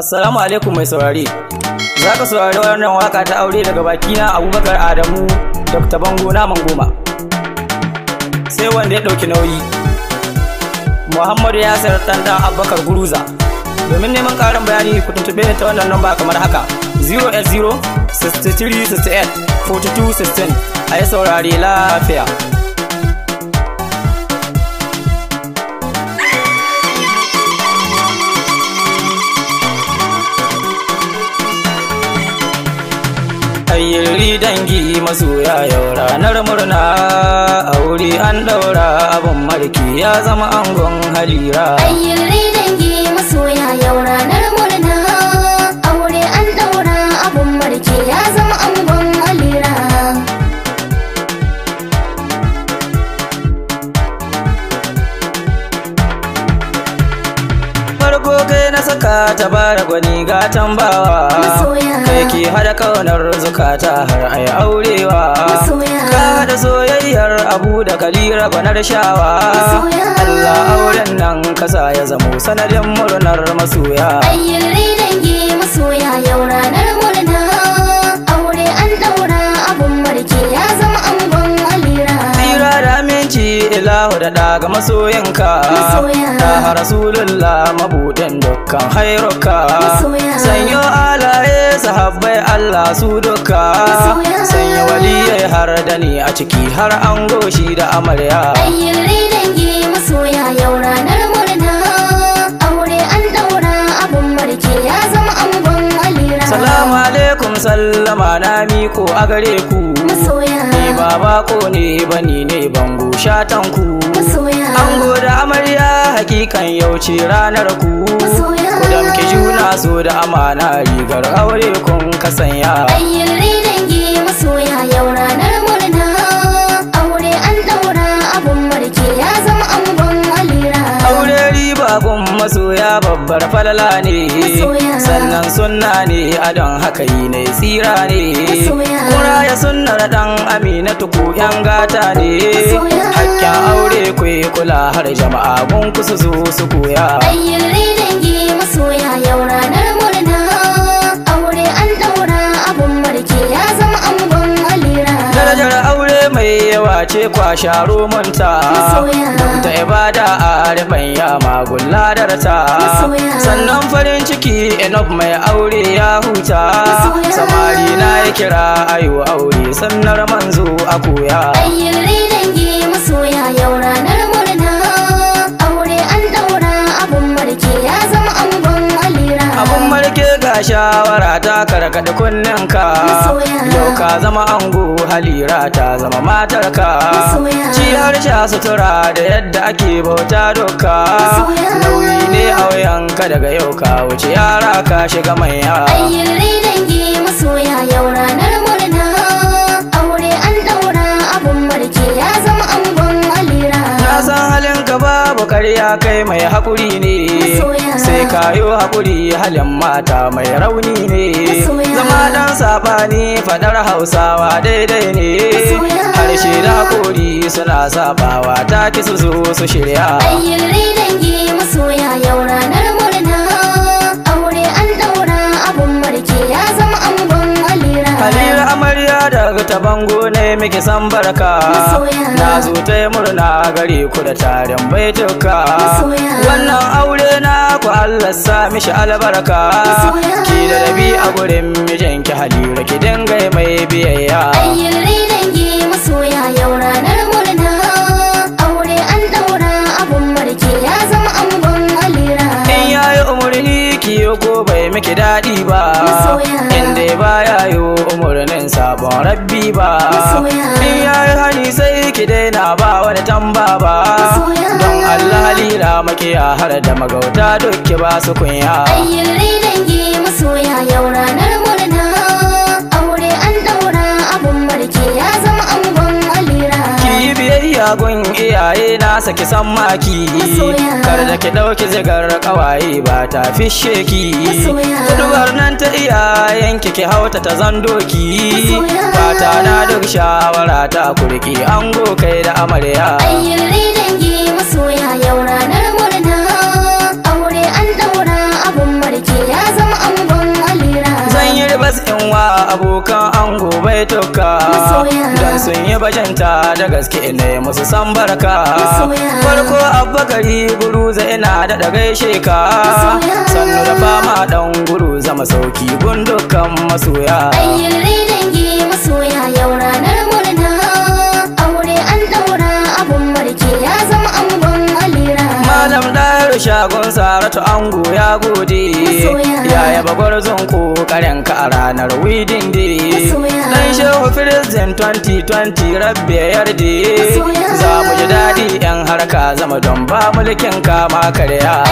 Assalamu alaikum mai saurare. Za ka saurari wannan waka ta aure daga bakina Abubakar Adamu Dr. Bango naman goma. Sai wanda ya ɗauki nauyi. Muhammadu ya Yasir Tantan Abubakar Guruza. Domin neman ƙarin bayani ku tuntube ta wannan namba kamar haka 080 63 68 42 16 a yi saurare lafiya. ayyiri dangi masoya yau ranar murna a wuri an daura abin marki ya zama angon halira ta bara gwani gatan bawa kai ki hada kaunar zukata har ai aurewa ka hada soyayyar abu da kalira gwanar shawa Allah auren nan kasa ya zamo sanadin murnar masoya dangi masoya yau ranar lahu da daga masoyanka ta rasulullah mabudan dukkan hairuka sanyo alaye sahabbai allah su duka sanya waliyai har da ni a ciki har an goshi da amarya dangi masoya salamu alaikum sallama na miko a gare ku masoya ni ba bako ne ba ni ne bango shatan ku masoya ango da amarya hakikan yauce ranar ku masoya ku damke juna so da amana rigar aure kun kasanya ayyure kun masoya babbar falala ne sannan sunna ne a don haka yi ne tsira ne kura ya sunnar dan amina tuku yan gata ne hakkin aure kwe kula har jama'a gun kusu su koya ayyin masoya yau ranar ce kwasha romanta ta ibada a harfin yama gulladarta sannan farin ciki enof mai aure ya huta samari na ya kira ayo aure sannar manzo a koya dangi masoya yau ranar shawara ta karkaɗi kunninka yau ka zama ango halira ta zama matarka ci har sha sutura da yadda ake bauta doka nauyi ne a wuyanka daga yau ka wuce yara ka shiga manya ayyin dangi masoya yau ranar karya kai mai hakuri ne sai kayo hakuri halin mata mai rauni ne zama dan sabani fadar hausawa daidai ne harshe da hakuri suna sabawa ta kisu su zo su shirya ta bango ne miki san barka na zo ta murna gari ku da tarin baituka wannan aure na ku Allah sa mishi albarka ki da rabi a gurin mijinki halira ki dinga mai biyayya miki daɗi ba inda baya yi umarnin sabon rabbi ba in ya yi hani sai ki daina ba wani tamba ba don Allah halila maki a har da magauta ki ba su kunya ayyar dangi masoya yaura Shagon iyaye na saki san maki kar da ki dauki zigar kawaye ba ta fishe ki kudubar nan ta iyayen ki ki hauta ta zandoki fata na duk shawara ta kurki ango kai da amarya ayyuri dangi masoya yau ranar murna aure an daura abun marke ya zama ango sun yi ribas in wa abokan ango bai toka. dan sun yi bajanta da gaske ne musu san barka farko abbakari guruza ina da da gaishe sannu da fama dan guruza masauki gundukan masoya dangi masoya yau Kar shagon Saratu Ango ya gode Yaya bagwarzon karen ka a ranar Widin Day Dan Shehu Firistin 2020 rabbi yardi Za mu ji daɗi 'yan harka zama don ba mulkin kama karya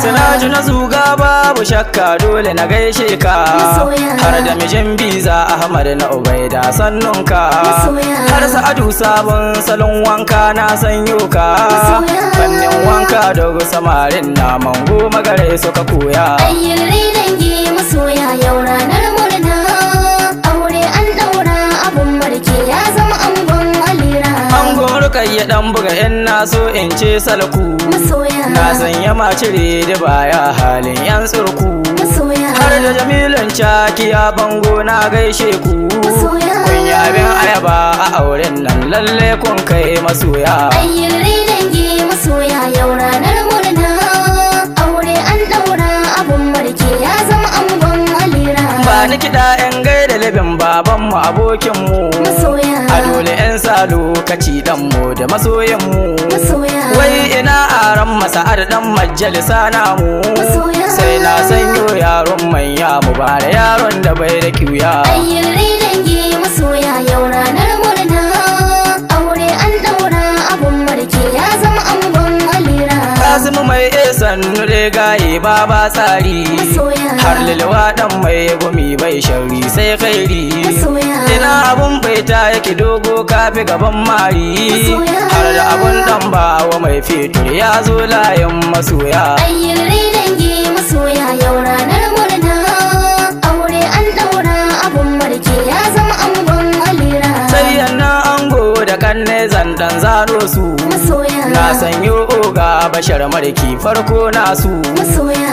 Sinaji na zuga babu shakka dole na gaishe ka Har da mijin biza Ahmad na Ubaida sannunka Har sa'adu sabon salon wanka na sanyo ka Fannin wanka dogo samarin na mango magare suka koya Ayyuri an ya zama Angon dan buga yan naso in ce salku Masoya Na sanya cire da baya halin yan tsurku har da jamilin caki ya bango na gaishe ku kun yabin ayaba a auren nan lalle kun kai masoya an daura ya zama ba ni kiɗa yan gaida labin babanmu abokinmu masoya da lokaci dan mu da masoyan mu wai ina aran masa'ar dan majalisa namu sai na sanyo yaron manya mu ba da yaron da bai da kiwya ayyuri dangi yau ranar murna aure an daura abun marke ya zama an mu mai sannu da gaye ba ba tsari Har lalwa dan mai gumi bai shari sai kairi Ina abun baita yake dogo kafi gaban mari Har da abun dan wa mai fetur ya zo layin masoya yau ranar murna Aure an daura abun marke ya zama da kanne zan dan zano su na san yo oga bashar marki farko na su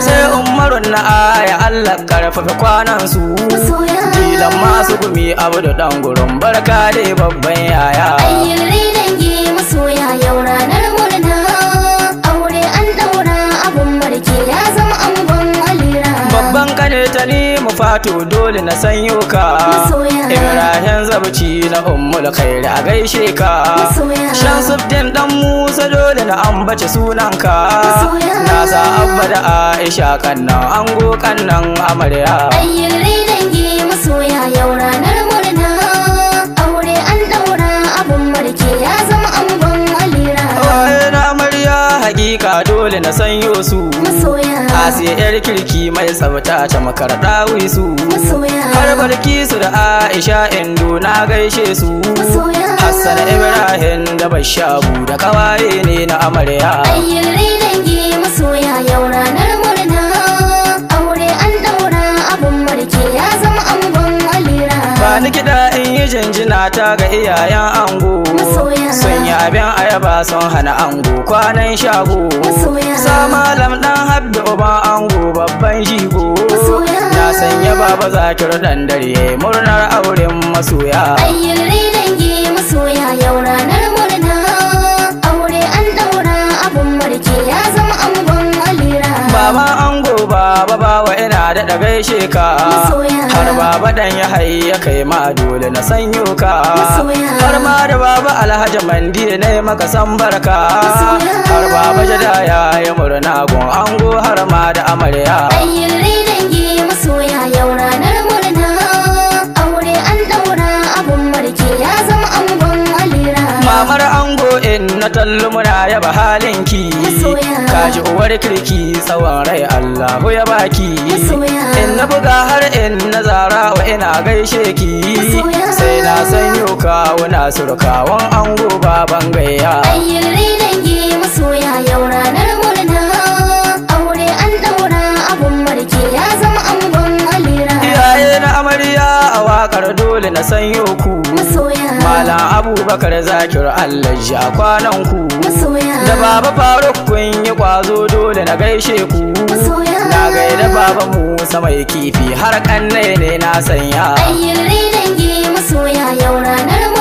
sai umarun na aya Allah karfafa kwanan su tilan masu gumi abu da dan gurin barka dai babban yaya ayyuri dangi masoya yau fato dole na san ka Ibrahim zabci na ummul khair a gaishe ka Shamsuddin dan Musa dole na ambace sunanka Na sa abba da Aisha kannan ango kannan amarya Ayyuri dangi masoya yau ranar hakika dole na san a Asiya yar kirki mai tsafta ta makar masoya Har barki su da Aisha Indo na gaishe su Hassan Ibrahim da Bashabu da kawaye ne na amarya rai dangi masoya yau ranar jinjina ta ga iyayen ango sun yi abin ayaba sun hana ango kwanan shago sa malam dan habbi uban ango babban jigo na sanya baba zakir dan dare murnar auren masoya dangi gaishe har baba dan ya hayi ya kai ma dole na sanyo ka har ma da baba alhaji mandi ne maka san barka har baba jada ya yi murna gon ango har ma da amarya na tallu muna yaba halinki kaji uwar kirki tsawon rai Allahu ya baki in na buga har in na zara wa ina gaishe ki sai na san yau kawo na surkawan ango baban gayya ayyuri ranar aure an daura abun marke ya zama waƙar dole na san yoku malam abubakar zakir allah a kwanan ku da baba faruk kun yi kwazo dole na gaishe ku na gaida baba musa mai kifi har kan ne na sanya ayyin dangi masoya yau ranar mu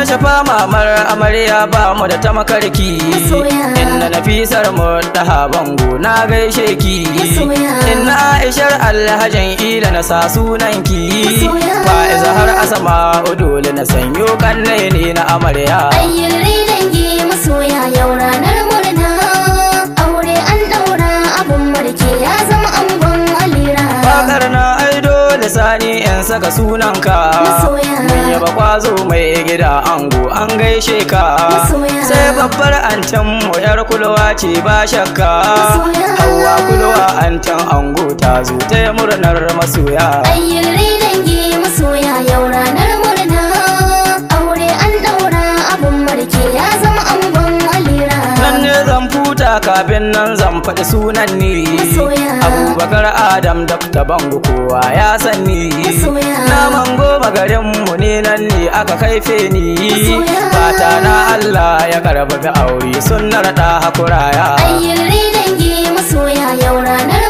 na shafa mamar amarya ba mu da ta makarki inna nafisar mu da na gaishe ki inna aishar alhajin ila na sa sunan ki fa'iza har asama dole na sanyo kanne ne na amarya ayyuri dangi masoya yau ranar da sani in saka sunanka mun yaba kwazo mai gida ango an gaishe ka sai babbar antan mu yar kulwa ce ba shakka hawa kulwa antan ango ta zo ta murnar masoya ayyuri dangi da kafin nan zan faɗi sunan ni abubakar adam da bangu kowa ya san ni naman goma garinmu ne nan ne aka kaife ni fata na allah ya karba ga aure sunnar da hakuraya ayyuri masoya yau